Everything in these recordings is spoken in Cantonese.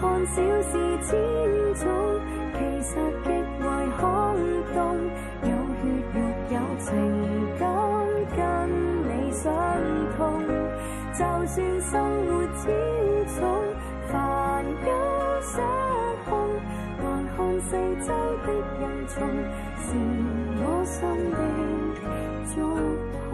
看小事千種，其實極為空洞。有血肉有情感，跟你相通。就算生活千重，煩憂失控，還看四周的人從，是我心的中。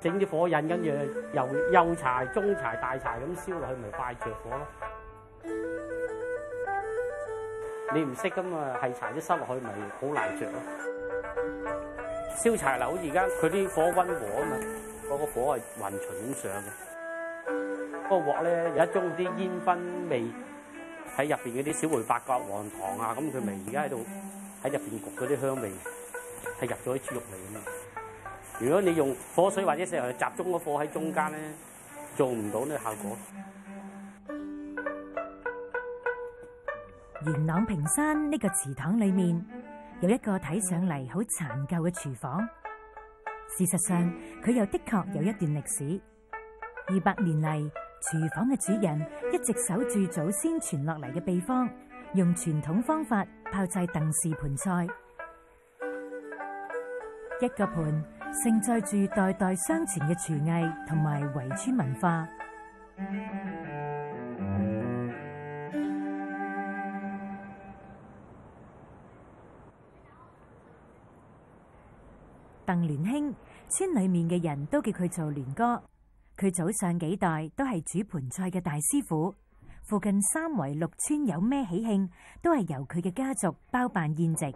整啲火引跟住由幼柴、中柴、大柴咁燒落去，咪快着火咯。你唔識㗎嘛？係柴啲塞落去，咪好難着咯。燒柴樓而家佢啲火溫和啊嘛，嗰、那個火係雲層咁上嘅。嗰、那個鑊咧有一種啲煙燻味喺入邊嗰啲小茴八角、黃糖啊，咁佢咪而家喺度喺入邊焗嗰啲香味，係入咗啲豬肉嚟嘅嘛。如果你用火水或者石油去集中個火喺中間咧，做唔到呢個效果。元朗屏山呢個祠堂裏面有一個睇上嚟好殘舊嘅廚房，事實上佢又的確有一段歷史。二百年嚟，廚房嘅主人一直守住祖先傳落嚟嘅秘方，用傳統方法炮製鄧氏盆菜。一個盆。承載住代代相傳嘅廚藝同埋圍村文化。鄧聯興，村裏面嘅人都叫佢做聯哥。佢祖上幾代都係煮盆菜嘅大師傅，附近三圍六村有咩喜慶，都係由佢嘅家族包辦宴席。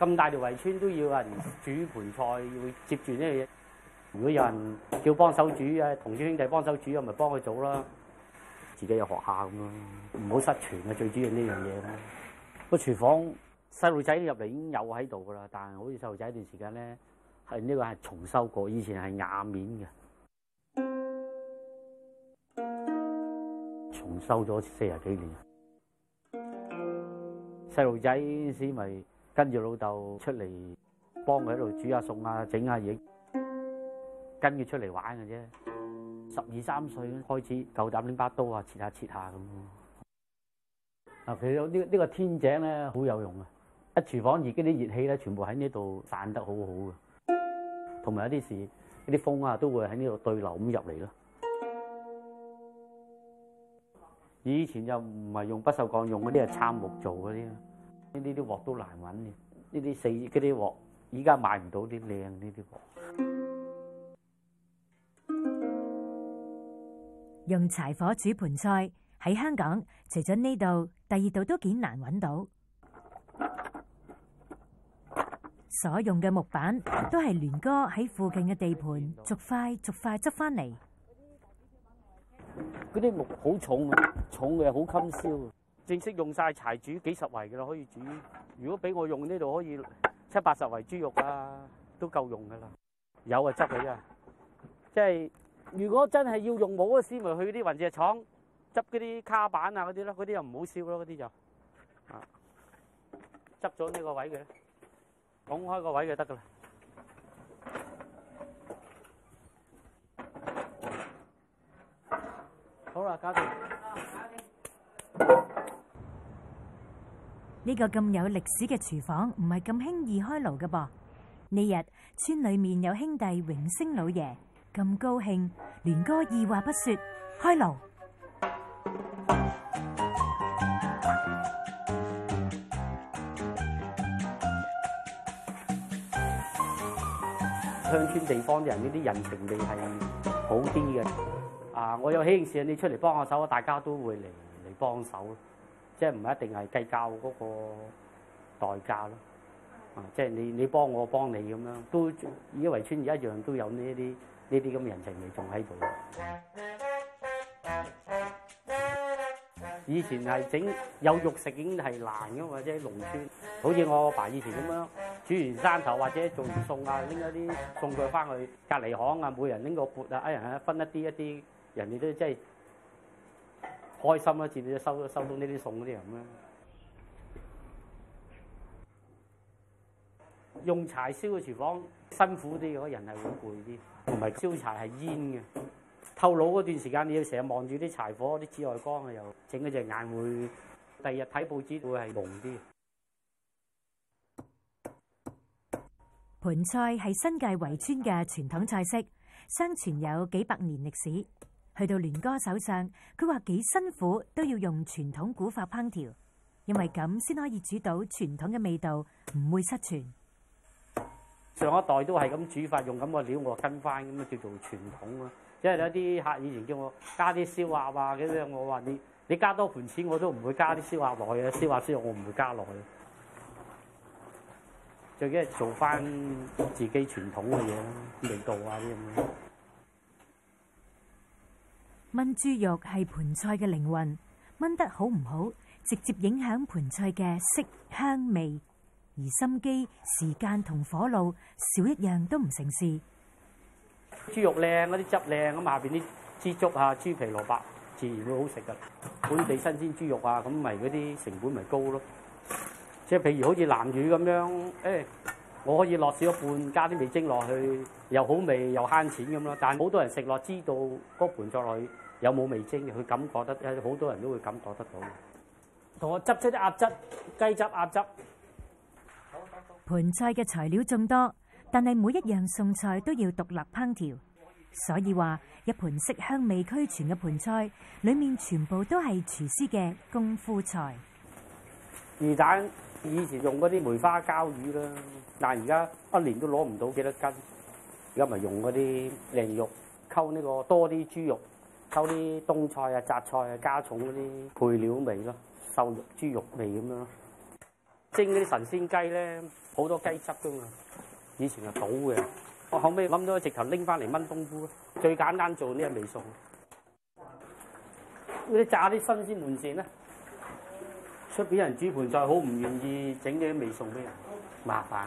咁大條圍村都要有人煮盆菜，要接住呢樣嘢。如果有人叫幫手煮啊，同小兄弟幫手煮，我咪幫佢做啦。自己有學下咁咯，唔好失傳啊！最主要呢樣嘢咯。個廚房細路仔入嚟已經有喺度噶啦，但係好似細路仔一段時間咧，係、呢、呢個係重修過，以前係瓦面嘅，重修咗四十幾年。細路仔先咪～跟住老豆出嚟幫佢喺度煮下餸啊，整下嘢，跟住出嚟玩嘅啫。十二三歲開始，夠膽拎把刀啊，切下切下咁咯。嗱，其實呢呢個天井咧好有用嘅，一廚房而家啲熱氣咧，全部喺呢度散得好好嘅，同埋有啲事，呢啲風啊都會喺呢度對流咁入嚟咯。以前就唔係用不鏽鋼，用嗰啲係杉木做嗰啲。呢啲啲鑊都難揾嘅，呢啲四嗰啲鑊，依家買唔到啲靚呢啲鑊。用柴火煮盆菜喺香港，除咗呢度，第二度都幾難揾到。所用嘅木板都係聯哥喺附近嘅地盤逐塊逐塊執翻嚟。嗰啲木好重，重嘅好襟燒。正式用曬柴煮幾十圍嘅啦，可以煮。如果俾我用呢度，可以七八十圍豬肉啊，都夠用嘅啦。有啊，執佢啊，即係如果真係要用冇嘅思維去嗰啲雲石廠執嗰啲卡板啊嗰啲咯，嗰啲又唔好燒咯，嗰啲就啊，執咗呢個位嘅，拱開個位就得嘅啦。好啦，搞掂。呢個咁有歷史嘅廚房唔係咁輕易開爐嘅噃。呢日村裏面有兄弟榮升老爺，咁高興，聯哥二話不說開爐。鄉村地方啲人，呢啲人情味係好啲嘅。啊，我有喜事，你出嚟幫下手，大家都會嚟嚟幫手。即係唔一定係計較嗰個代價咯，啊！即係你你幫我幫你咁樣，都以為村兒一樣都有呢啲呢啲咁嘅人情味仲喺度。以前係整有肉食已經係難嘅，或者喺農村，好似我阿爸以前咁樣煮完山頭或者做完餸啊，拎一啲餸佢翻去隔離巷啊，每人拎個缽啊，一人一分一啲一啲，人哋都即係。開心啦，自己收收到呢啲餸嗰啲人咁。用柴燒嘅廚房辛苦啲，嗰人係會攰啲，同埋燒柴係煙嘅。透露嗰段時間，你要成日望住啲柴火，啲紫外光又整嗰隻眼會，第二日睇報紙會係朦啲。盤菜係新界圍村嘅傳統菜式，相傳有幾百年歷史。去到聯哥手上，佢話幾辛苦都要用傳統古法烹調，因為咁先可以煮到傳統嘅味道，唔會失傳。上一代都係咁煮法，用咁個料，我跟翻咁啊，叫做傳統咯。即係有啲客以前叫我加啲燒鴨話嘅啫，我話你你加多盤錢，我都唔會加啲燒鴨落去嘅，燒鴨燒肉我唔會加落去。最緊係做翻自己傳統嘅嘢，味道啊啲咁嘅。炆豬肉係盆菜嘅靈魂，炆得好唔好，直接影響盆菜嘅色香味，而心機、時間同火路少一樣都唔成事。豬肉靚，嗰啲汁靚，咁下邊啲枝竹啊、豬皮蘿蔔自然會好食噶。本地新鮮豬肉啊，咁咪嗰啲成本咪高咯。即係譬如好似南乳咁樣，誒，我可以落少一半，加啲味精落去，又好味又慳錢咁咯。但係好多人食落，知道嗰盆菜落去。有冇味精嘅？佢感覺得誒，好多人都會感覺得到嘅。同我執出啲鴨汁、雞汁、鴨汁。盆菜嘅材料眾多，但係每一樣餸菜都要獨立烹調，所以話一盆色香味俱全嘅盆菜，裡面全部都係廚師嘅功夫菜。魚蛋以前用嗰啲梅花膠魚啦，但係而家一年都攞唔到幾多斤，而家咪用嗰啲鯪肉溝呢個多啲豬肉。收啲冬菜啊、雜菜啊、加重嗰啲配料味咯，瘦肉、豬肉味咁樣咯。蒸嗰啲神仙雞咧，好多雞汁噶嘛。以前啊倒嘅，我後尾諗咗，直頭拎翻嚟炆冬菇咯。最簡單做呢味餸。嗰啲炸啲新鮮門鱔咧，出面人煮盤菜好唔願意整啲味餸俾人，麻煩，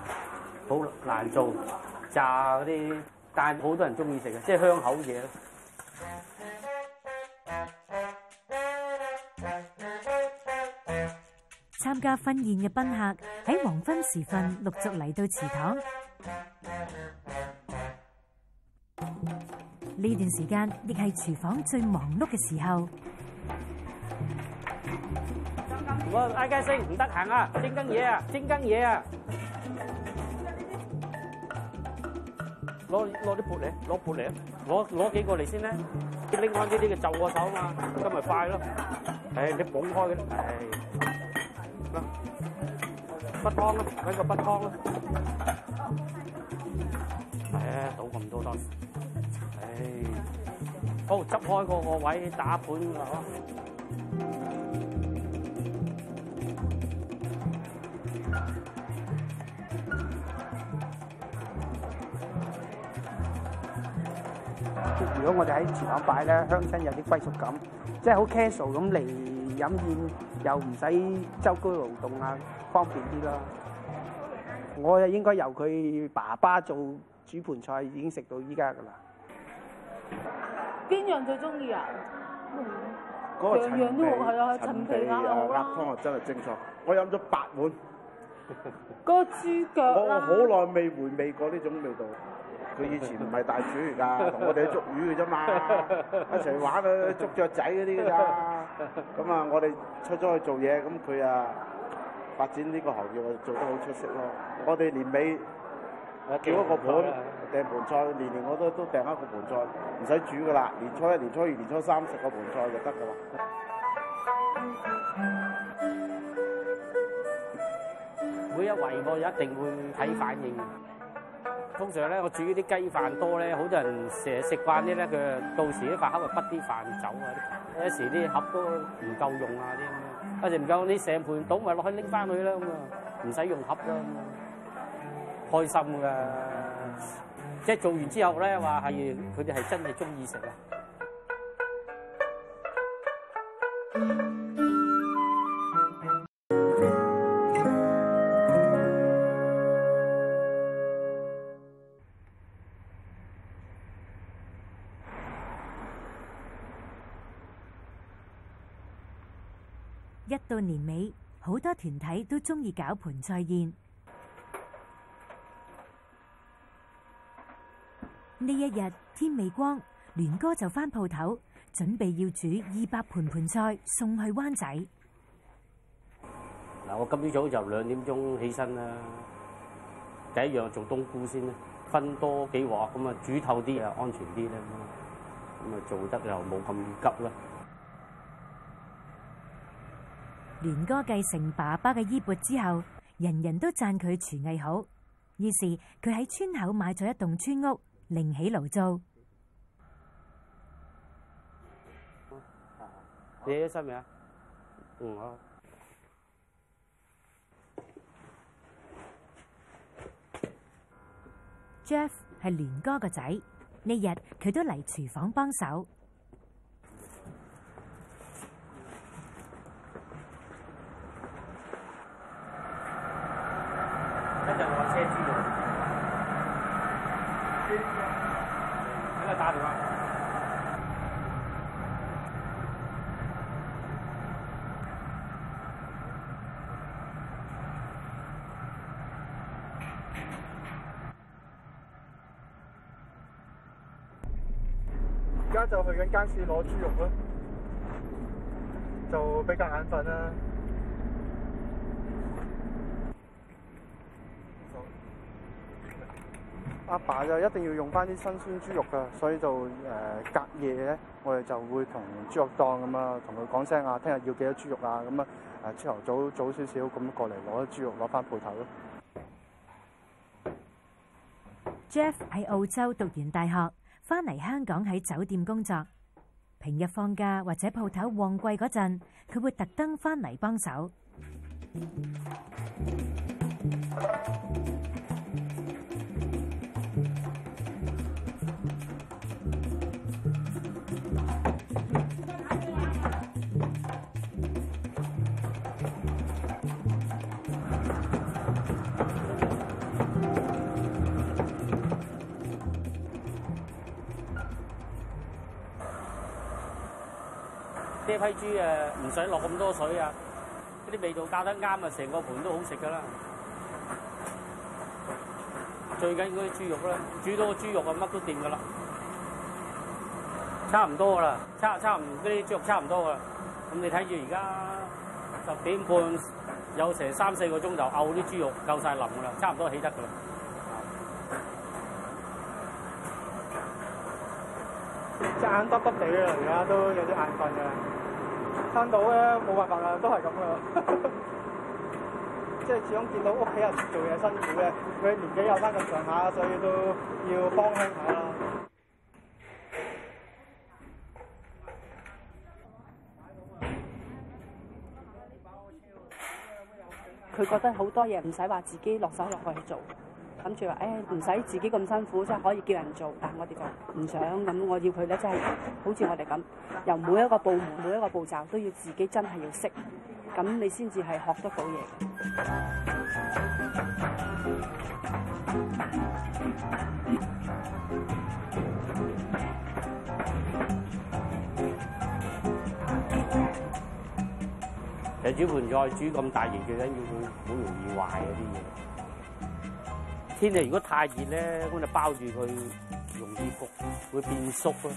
好難做。炸嗰啲，但係好多人中意食嘅，即係香口嘢咯。參加婚宴嘅賓客喺黃昏時分陸續嚟到祠堂。呢段時間亦係廚房最忙碌嘅時候。我嗌家聲唔得閒啊，蒸緊嘢啊，蒸緊嘢啊，攞攞啲盤嚟，攞盤嚟，攞攞幾個嚟先啦。拎開呢啲嘅就我手嘛，咁咪快咯。唉，你捧開嘅。不湯啦，揾個不湯啦。誒，倒咁多得，唉，好執開個個位打盤咁啊！如果我哋喺祠堂擺咧，鄉親有啲歸屬感，即係好 casual 咁嚟。飲宴又唔使周居勞動啊，方便啲啦。我啊應該由佢爸爸做主盆菜，已經食到依家噶啦。邊、嗯那個、樣最中意啊？嗰個陳皮陳皮鴨湯啊，真係精彩！我飲咗八碗。嗰 個豬腳。我我好耐未回味過呢種味道。佢以前唔係大廚嚟㗎，同我哋捉魚嘅啫嘛， 一齊玩佢捉雀仔嗰啲咋。咁啊，我哋出咗去做嘢，咁佢啊發展呢個行業啊做得好出色咯。我哋年尾叫一個盆訂盆、啊、盆菜，年年我都都訂一個盆菜，唔使煮㗎喇。年初一、年初二、年初三食個盆菜就得㗎喇。每一圍我一定會睇反應。通常咧，我煮呢啲雞飯多咧，好多人成日食慣啲咧，佢到時啲飯盒咪不啲飯走啊！有時啲盒都唔夠用啊！啲咁樣，一時唔夠，你成盤倒埋落去拎翻去啦咁啊，唔使用，用盒啦，開心噶！即係做完之後咧，話係佢哋係真係中意食啊。團體都中意搞盆菜宴，呢一日天未光，聯哥就返舖頭，準備要煮二百盆盆菜送去灣仔。嗱，我今朝早就兩點鐘起身啦，第一樣做冬菇先啦，分多幾鑊咁啊煮透啲啊，安全啲啦，咁啊做得又冇咁急啦。聯哥繼承爸爸嘅衣缽之後，人人都讚佢廚藝好，於是佢喺村口買咗一棟村屋，另起爐灶。你喺度收咩啊？嗯 ，Jeff 係聯哥個仔，呢日佢都嚟廚房幫手。就去緊街市攞豬肉咯，就比較眼瞓啦。阿爸就一定要用翻啲新鮮豬肉噶，所以就誒隔夜咧，我哋就會同豬肉檔咁啊，同佢講聲啊，聽日要幾多豬肉啊，咁啊，朝頭早早少少咁過嚟攞啲豬肉，攞翻鋪頭咯。Jeff 喺澳洲讀完大學。返嚟香港喺酒店工作，平日放假或者鋪頭旺季嗰陣，佢會特登返嚟幫手。呢批豬誒唔使落咁多水啊！嗰啲味道搞得啱啊，成個盤都好食噶啦。最緊要嗰啲豬肉啦，煮到個豬肉啊，乜都掂噶啦。差唔多噶啦，差差唔多啲豬肉差唔多噶啦。咁你睇住而家十點半有成三四個鐘就漚啲豬肉夠晒腍噶啦，差唔多起得噶啦。隻眼耷耷地啊，而家都有啲眼瞓啊。聽到嘅，冇辦法啊，都係咁嘅。 即係始終見到屋企人做嘢辛苦嘅，佢年紀有返咁上下，所以都要幫下佢啦。佢覺得好多嘢唔使話自己落手落去做。諗住話，誒唔使自己咁辛苦，即係可以叫人做，但係我哋就唔想咁。我要佢咧，真係好似我哋咁，由每一個部門、每一個步驟都要自己真係要識，咁你先至係學得到嘢。你煮盆菜煮咁大型，最緊要會好容易壞嗰啲嘢。天氣如果太熱咧，咁就包住佢，容易焗，會變縮咯。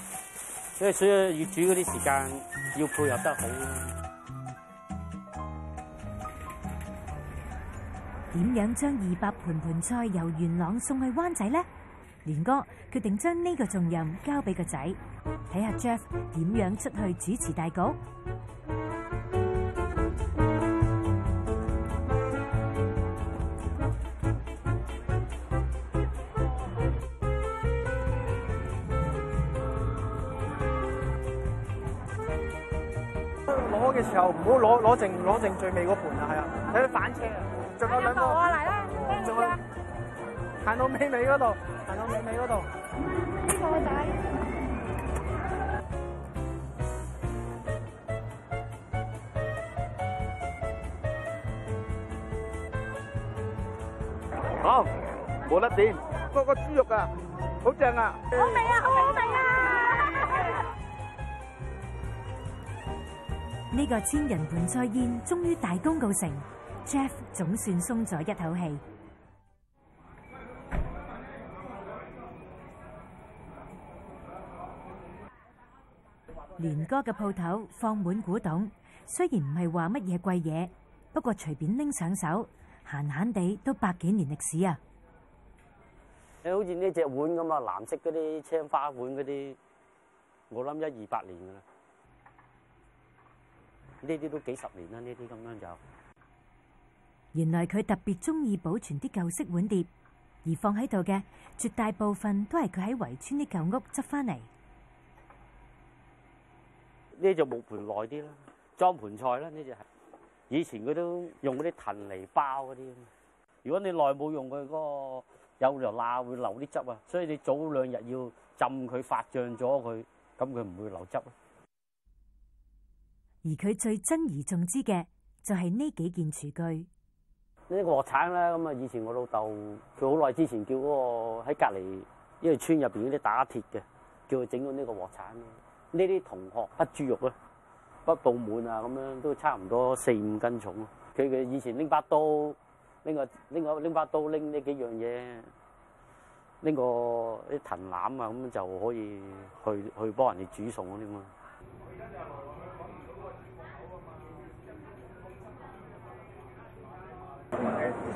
所以所以要煮嗰啲時間要配合得好。點樣將二百盤盆菜由元朗送去灣仔咧？連哥決定將呢個重任交俾個仔，睇下 Jeff 點樣出去主持大局。攞嘅時候唔好攞攞剩攞剩最尾嗰盤啊，係啊，睇啲反車啊，仲有兩個，仲有行到尾尾嗰度，行到尾尾嗰度，呢個，好，冇得點，個個豬肉啊，好正啊，好味啊，好好味啊！呢個千人盆菜宴終於大功告成，Jeff 總算鬆咗一口氣。聯哥嘅鋪頭放滿古董，雖然唔係話乜嘢貴嘢，不過隨便拎上手，閒閒地都百幾年歷史啊！你好似呢隻碗咁啊，藍色嗰啲青花碗嗰啲，我諗一二百年噶啦。呢啲都幾十年啦，呢啲咁樣就。原來佢特別中意保存啲舊式碗碟，而放喺度嘅絕大部分都係佢喺圍村啲舊屋執翻嚟。呢隻木盆耐啲啦，裝盆菜啦，呢隻係。以前佢都用嗰啲藤嚟包嗰啲。如果你耐冇用佢嗰個，有條罅會流啲汁啊，所以你早兩日要浸佢發脹咗佢，咁佢唔會流汁咯。而佢最珍而重之嘅就係、是，呢幾件廚具，呢，這個鑊鏟啦，咁啊以前我老豆佢好耐之前叫嗰，那個喺隔籬，因為，這個，村入邊嗰啲打鐵嘅，叫佢整咗呢個鑊鏟。呢啲同學不豬肉、啊，不布滿啊，咁樣都差唔多四五斤重。佢嘅以前拎把刀，拎個拎個拎把刀，拎呢幾樣嘢，拎個啲藤籃啊，咁就可以去去幫人哋煮餸嗰嘛。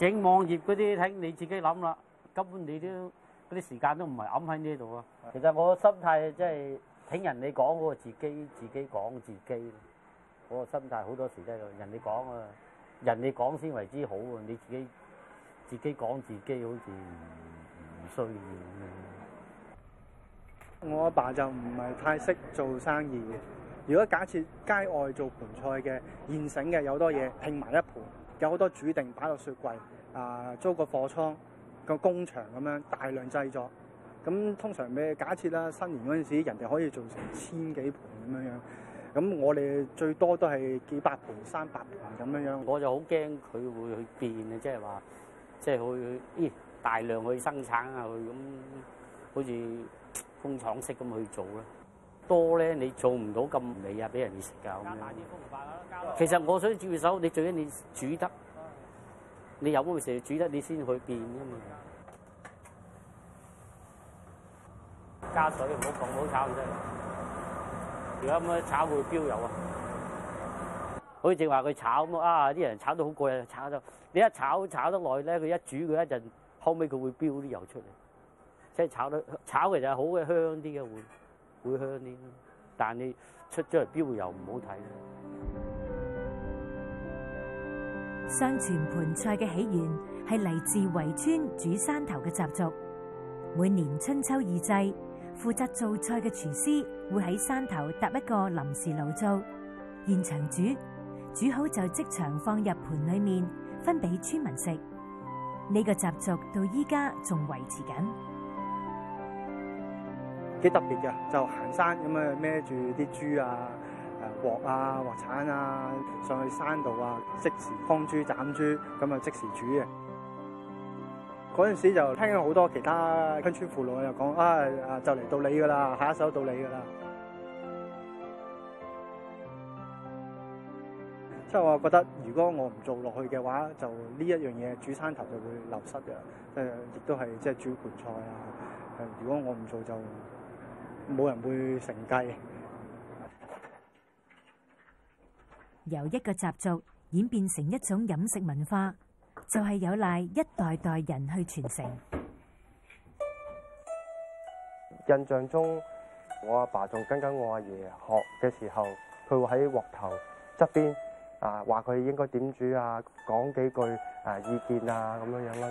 整網頁嗰啲，睇你自己諗啦。根本你都嗰啲時間都唔係揞喺呢度啊。其實我心態即係聽人哋講嗰，自己自己講自己。我個心態好多時都係人哋講啊，人哋講先為之好啊。你自己自己講自己好似唔需要。我阿爸就唔係太識做生意嘅。如果假設街外做盆菜嘅現成嘅，有多嘢拼埋一盆。有好多主定擺落雪櫃，啊租個貨倉個工場咁樣大量製作。咁通常咩？假設啦，新年嗰陣時人哋可以做成千幾盤咁樣樣。咁我哋最多都係幾百盤、三百盤咁樣樣。我就好驚佢會去變啊，即係話即係去去，咦、就是、大量去生產啊，去咁好似工廠式咁去做咯。多咧，你做唔到咁美啊！俾人哋食㗎咁。加大啲風化啦，加。其實我想煮手，你最緊要你煮得，你有機會食。煮得你先去變㗎嘛。加水，唔好碰，唔好炒唔得。如果咁樣炒會飆油啊，好似正話佢炒咁啊！啲人炒到好過癮，炒得你一炒炒得耐咧，佢一煮佢一陣後尾佢會飆啲油出嚟，即係炒到炒其實係好嘅香啲嘅會。會香啲，但你出咗嚟標又唔好睇。相傳盤菜嘅起源係嚟自圍村煮山頭嘅習俗，每年春秋二祭，負責做菜嘅廚師會喺山頭搭一個臨時爐灶，現場煮，煮好就即場放入盤裏面分俾村民食。呢、呢個習俗到依家仲維持緊。幾特別嘅，就行山咁啊，孭住啲豬啊、誒鑊啊、鑊鏟啊，上去山度啊，即時劏豬斬豬，咁啊即時煮嘅。嗰陣時就聽咗好多其他鄉村父老又講啊，啊啊就嚟到了你噶啦，下一手到你噶啦。即係我覺得，呃，如果我唔做落去嘅話，就呢一樣嘢煮山頭就會流失嘅。誒，亦都係即係煮盤菜啊。如果我唔做就～冇人會承繼。由一個習俗演變成一種飲食文化，就係有賴一代代人去傳承。印象中，我阿爸仲跟緊我阿爺學嘅時候，佢會喺鑊頭側邊啊，話佢應該點煮啊，講幾句啊意見啊咁樣樣啦。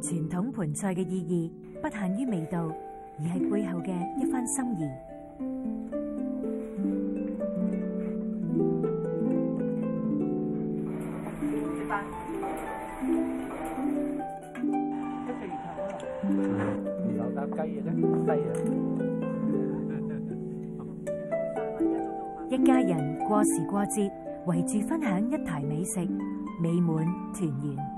傳統盆菜嘅意義不限於味道，而係背後嘅一番心意。食飯，一隻魚頭，手打雞嘅啫，雞啊！一家人過時過節，圍住分享一台美食，美滿團圓。